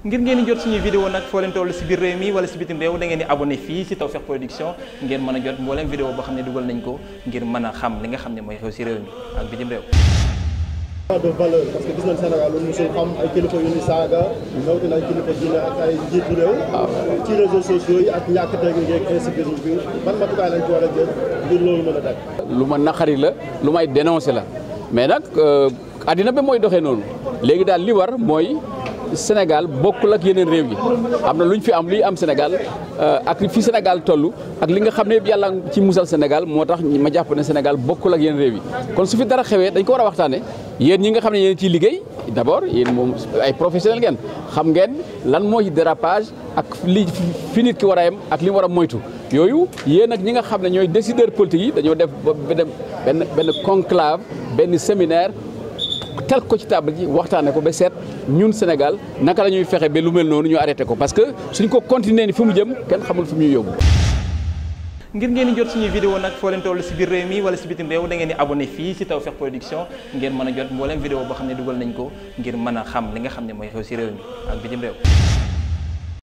ngir ngeen di jot suñuy vidéo nag foo toll si biir réew mi wala si bitim réew da ngeen di abonné fii si Tawfekh Production ngeen mën a jot mbooleem vidéo boo xam ne dugal nañ ko ngir mën a xam li nga xam ne mooy xew si réew mi ak bitim réew de valeur parce que gis nañ Sénégal lu musul xam ay kilifa yu ni saaga rawatina ay kilifa ak ay njiitu réew ci réseaux ban matukaay lañ ci war a jël ngir loolu mën a dak lu ma naqari la lu may dénoncé la mais nag euh, addina ba mooy doxee noonu léegi daal li war mooy Sénégal bokkul ak yeneen réew yi am na lu ñu fi am luy am Sénégal euh, ak fi Sénégal toll ak li nga xam ne yëpp yàlla ci musal Sénégal moo tax ma jàpp ne Sénégal bokkul ak yeneen réew yi kon su fi dara xewee dañ ko war a waxtaane yéen ñi nga xam ne yéen ciy liggéey d'abord yéen moom ay professionnel xam ngeen lan moo ci ak li fi nit ki war a yem ak li war a moytu yooyu yéen ak ñi nga xam ne ñooy décideurs politiques yi dañoo def benn benn conclave benn séminaire teg ko ci table ji waxtaane ko ba seet ñun Sénégal naka la ñuy fexe ba lu mel noonu ñu arrêté ko parce que suñ ko continuer ni fi mu jëm kenn xamul fi mu ñuy yóbbu. ngir ngeen di jot suñuy vidéo nag foo leen toll si biir réew mi wala si bitim réew da ngeen di abonné fii si Tawfekh Production ngeen mën a jot mboolem vidéo boo xam ne dugal nañ ko ngir mën a xam li nga xam ne mooy xew si réew mi ak bitim réew.